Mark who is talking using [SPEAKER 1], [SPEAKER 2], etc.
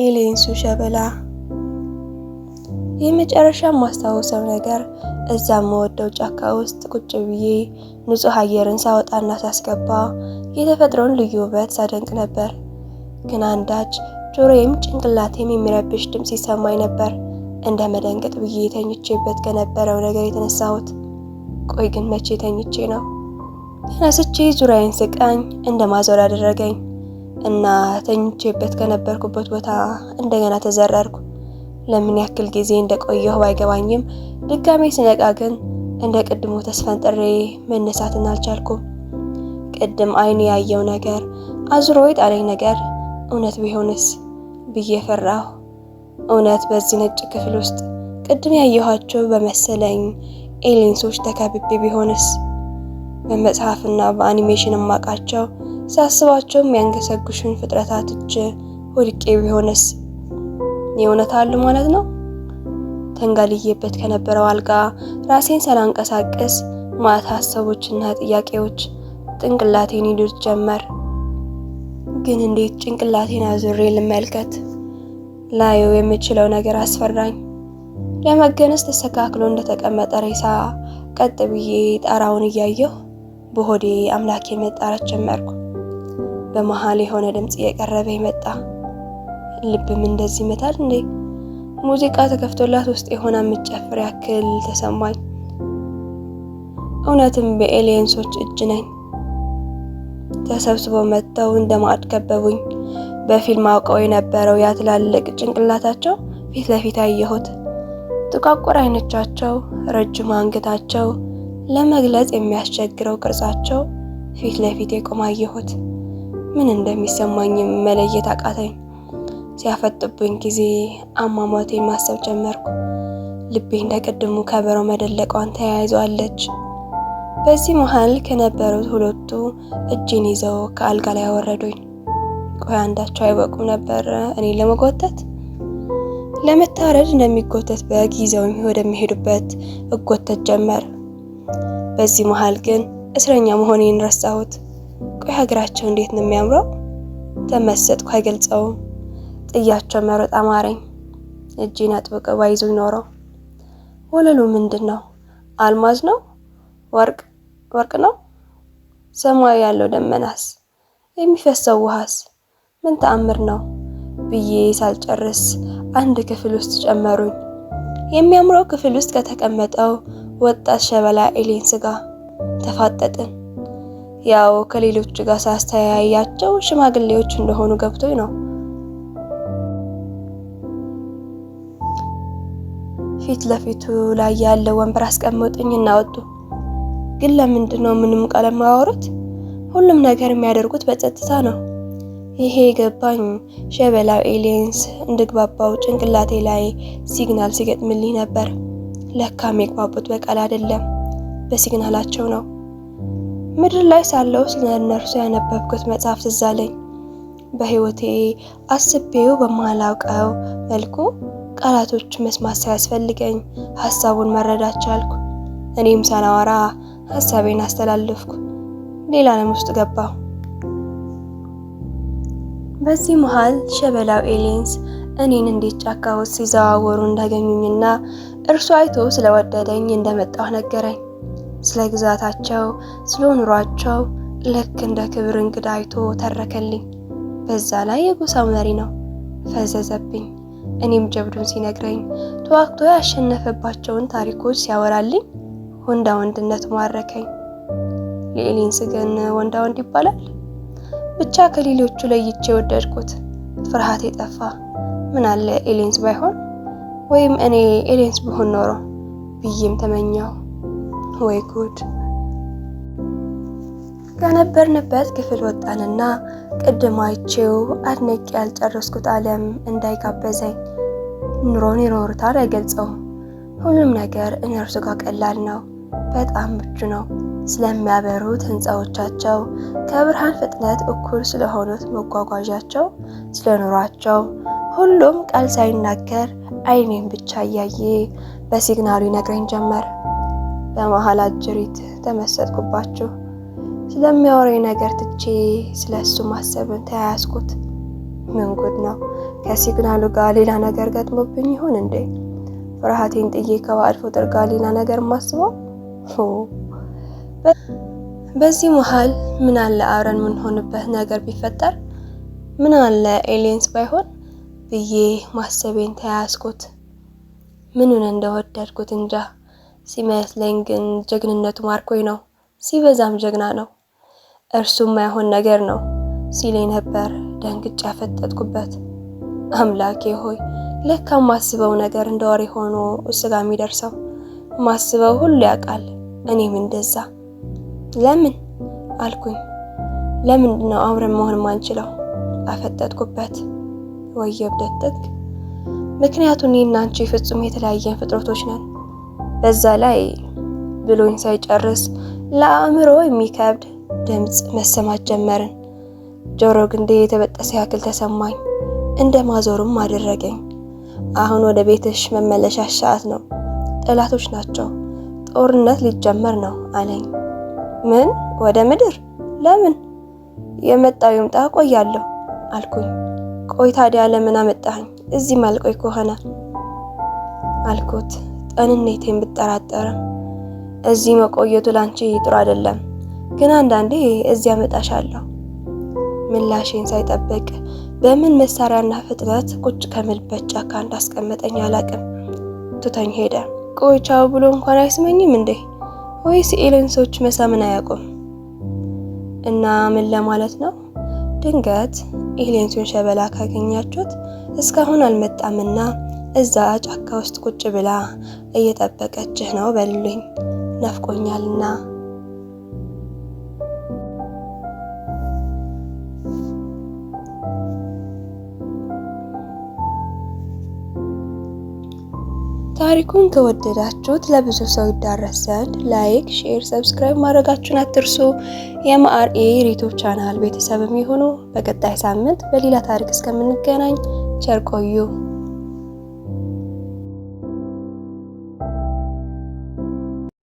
[SPEAKER 1] ኤሌንሱ ሸበላ የመጨረሻ ማስታወሰው ነገር እዛ መወደው ጫካ ውስጥ ቁጭ ብዬ ንጹህ አየርን ሳወጣና ሳስገባ የተፈጥሮን ልዩ ውበት ሳደንቅ ነበር። ግን አንዳች ጆሮዬም ጭንቅላቴም የሚረብሽ ድምፅ ይሰማኝ ነበር። እንደ መደንገጥ ብዬ የተኝቼበት ከነበረው ነገር የተነሳሁት። ቆይ ግን መቼ ተኝቼ ነው? ተነስቼ ዙሪያዬን ስቃኝ እንደ ማዞር አደረገኝ። እና ተኝቼበት ከነበርኩበት ቦታ እንደገና ተዘረርኩ። ለምን ያክል ጊዜ እንደቆየሁ ባይገባኝም ድጋሜ ስነቃ ግን እንደ ቅድሙ ተስፈንጥሬ መነሳትን አልቻልኩም። ቅድም አይን ያየው ነገር አዙሮ የጣለኝ ነገር እውነት ቢሆንስ ብዬ ፈራሁ። እውነት በዚህ ነጭ ክፍል ውስጥ ቅድም ያየኋቸው በመሰለኝ ኤሊንሶች ተከብቤ ቢሆንስ በመጽሐፍና በአኒሜሽን የማውቃቸው ሳስባቸውም የሚያንገሰግሹን ፍጥረታት እጅ ወድቄ ቢሆንስ የእውነት አሉ ማለት ነው። ተንጋልዬበት ከነበረው አልጋ ራሴን ሳላንቀሳቀስ ማታ ሀሳቦችና ጥያቄዎች ጭንቅላቴን ይዱት ጀመር። ግን እንዴት ጭንቅላቴን አዙሬ ልመልከት? ላዩ የምችለው ነገር አስፈራኝ። ለመገነስ ተስተካክሎ እንደተቀመጠ ሬሳ ቀጥ ብዬ ጣራውን እያየሁ በሆዴ አምላኬ መጣራት ጀመርኩ። በመሃል የሆነ ድምፅ እየቀረበ ይመጣ። ልብም እንደዚህ ይመታል እንዴ? ሙዚቃ ተከፍቶላት ውስጥ የሆነ የምትጨፍር ያክል ተሰማኝ። እውነትም በኤሊየንሶች እጅ ነኝ። ተሰብስበው መጥተው እንደ ማዕድ ከበቡኝ። በፊልም አውቀው የነበረው ያ ትላልቅ ጭንቅላታቸው ፊት ለፊት አየሁት። ጥቋቁር አይኖቻቸው፣ ረጅም አንገታቸው፣ ለመግለጽ የሚያስቸግረው ቅርጻቸው ፊት ለፊት የቆማየሁት። አየሁት። ምን እንደሚሰማኝ መለየት አቃተኝ። ሲያፈጥብኝ ጊዜ አሟሟቴን ማሰብ ጀመርኩ። ልቤ እንደ ቅድሙ ከበሮ መደለቋን ተያይዟለች። በዚህ መሀል ከነበሩት ሁለቱ እጅን ይዘው ከአልጋ ላይ አወረዱኝ። ቆይ አንዳቸው አይበቁም ነበር እኔ ለመጎተት ለመታረድ እንደሚጎተት በግ ይዘው ወደሚሄዱበት እጎተት ጀመር። በዚህ መሀል ግን እስረኛ መሆኔን ረሳሁት። ቆይ ሀገራቸው እንዴት ነው የሚያምረው! ተመሰጥኩ አይገልጸውም። ጥያቸው መሮጥ አማረኝ። እጄን አጥብቀው ባይዙኝ ኖረው። ወለሉ ምንድን ነው? አልማዝ ነው? ወርቅ ወርቅ ነው? ሰማዩ ያለው ደመናስ የሚፈሰው ውሃስ ምን ተአምር ነው ብዬ ሳልጨርስ አንድ ክፍል ውስጥ ጨመሩኝ። የሚያምረው ክፍል ውስጥ ከተቀመጠው ወጣት ሸበላ ኤሌን ስጋ ተፋጠጥን። ያው ከሌሎች ጋር ሳስተያያቸው ሽማግሌዎች እንደሆኑ ገብቶኝ ነው። ፊት ለፊቱ ላይ ያለው ወንበር አስቀምጡኝ እናወጡ። ግን ለምንድን ነው ምንም ቀለም የማያወሩት? ሁሉም ነገር የሚያደርጉት በጸጥታ ነው። ይሄ ገባኝ። ሸበላው ኤሊየንስ እንድግባባው ጭንቅላቴ ላይ ሲግናል ሲገጥምልኝ ነበር። ለካም የግባቡት በቃል አይደለም፣ በሲግናላቸው ነው። ምድር ላይ ሳለው ስለ እነርሱ ያነበብኩት መጽሐፍ ትዝ አለኝ። በሕይወቴ አስቤው በማላውቀው መልኩ ቃላቶች መስማት ሳያስፈልገኝ ሀሳቡን መረዳት ቻልኩ። እኔም ሳላወራ ሀሳቤን አስተላለፍኩ፣ ሌላ ዓለም ውስጥ ገባሁ። በዚህ መሃል ሸበላው ኤሊንስ እኔን እንዴት ጫካ ውስጥ ሲዘዋወሩ እንዳገኙኝና እርሱ አይቶ ስለወደደኝ እንደመጣሁ ነገረኝ። ስለ ግዛታቸው፣ ስለ ኑሯቸው ልክ እንደ ክብር እንግዳ አይቶ ተረከልኝ። በዛ ላይ የጎሳው መሪ ነው። ፈዘዘብኝ። እኔም ጀብዱን ሲነግረኝ ተዋግቶ ያሸነፈባቸውን ታሪኮች ሲያወራልኝ ወንዳ ወንድነት ማረከኝ። ሌሊን ግን ወንዳ ወንድ ይባላል። ብቻ ከሌሎቹ ለይቼ ወደድኩት። ፍርሃት የጠፋ ምን አለ ኤሌንስ ባይሆን ወይም እኔ ኤሌንስ ብሆን ኖሮ ብዬም ተመኘው። ወይ ጉድ! ከነበርንበት ክፍል ወጣንና ቅድም አይቼው አድንቄ ያልጨረስኩት ዓለም እንዳይጋበዘኝ። ኑሮን ይኖሩታል አይገልጸውም። ሁሉም ነገር እነርሱ ጋር ቀላል ነው፣ በጣም ምቹ ነው። ስለሚያበሩት ሕንፃዎቻቸው ከብርሃን ፍጥነት እኩል ስለሆኑት መጓጓዣቸው፣ ስለ ሁሉም ቃል ሳይናገር አይኔም ብቻ እያየ በሲግናሉ ይነግረኝ ጀመር። በመሀል አጅሪት ተመሰጥኩባችሁ። ስለሚያወራኝ ነገር ትቼ ስለ እሱ ማሰብን ተያያዝኩት። ምን ጉድ ነው? ከሲግናሉ ጋር ሌላ ነገር ገጥሞብኝ ይሆን እንዴ? ፍርሃቴን ጥዬ ከባዕድ ፍጡር ጋር ሌላ ነገር ማስበው። በዚህ መሃል ምን አለ አብረን የምንሆንበት ነገር ቢፈጠር፣ ምን አለ ኤሊየንስ ባይሆን ብዬ ማሰቤን ተያያዝኩት። ምኑን እንደወደድኩት እንጃ። ሲመስለኝ ግን ጀግንነቱ ማርኮኝ ነው፣ ሲበዛም ጀግና ነው፣ እርሱም ማይሆን ነገር ነው ሲለኝ ነበር ደንግጬ ያፈጠጥኩበት። አምላኬ ሆይ ለካ ማስበው ነገር እንደ ወሬ ሆኖ እሱ የሚደርሰው ማስበው ሁሉ ያውቃል። እኔም እንደዛ ለምን አልኩኝ። ለምንድን ነው አብረን መሆን ማንችለው? አፈጠጥኩበት። ወይ እብደት ጥግ! ምክንያቱም አንቺ ፍጹም የተለያየን ፍጥረቶች ነን። በዛ ላይ ብሎኝ ሳይጨርስ ለአእምሮ የሚከብድ ድምፅ መሰማት ጀመርን። ጆሮ ግንዴ የተበጠሰ ያክል ተሰማኝ። እንደ ማዞርም አደረገኝ። አሁን ወደ ቤትሽ መመለሻሽ ሰዓት ነው። ጠላቶች ናቸው። ጦርነት ሊጀመር ነው አለኝ። ምን? ወደ ምድር? ለምን? የመጣው ይምጣ ቆያለሁ አልኩኝ። ቆይ ታዲያ ለምን አመጣኸኝ? እዚህ ማልቆይ ከሆነ አልኩት። ጤንነቴን ብጠራጠርም እዚህ መቆየቱ ላንቺ ጥሩ አይደለም፣ ግን አንዳንዴ እዚያ እመጣሻለሁ። ምላሼን ሳይጠብቅ በምን መሳሪያና ፍጥነት ቁጭ ከምልበት ጫካ እንዳስቀመጠኝ አላቅም። ትቶኝ ሄደ። ቆይቻው ብሎ እንኳን አይስመኝም እንዴ? ወይስ ኤሌንሶች መሳምን አያውቁም? እና ምን ለማለት ነው? ድንገት ኢሌንሱን ሸበላ ካገኛችሁት እስካሁን አልመጣምና እዛ ጫካ ውስጥ ቁጭ ብላ እየጠበቀችህ ነው በሉኝ፣ ናፍቆኛልና። ታሪኩን ከወደዳችሁት ለብዙ ሰው ይዳረስ ዘንድ ላይክ፣ ሼር፣ ሰብስክራይብ ማድረጋችሁን አትርሱ። የማአርኤ ዩቲዩብ ቻናል ቤተሰብም ይሁኑ። በቀጣይ ሳምንት በሌላ ታሪክ እስከምንገናኝ ቸር ቆዩ።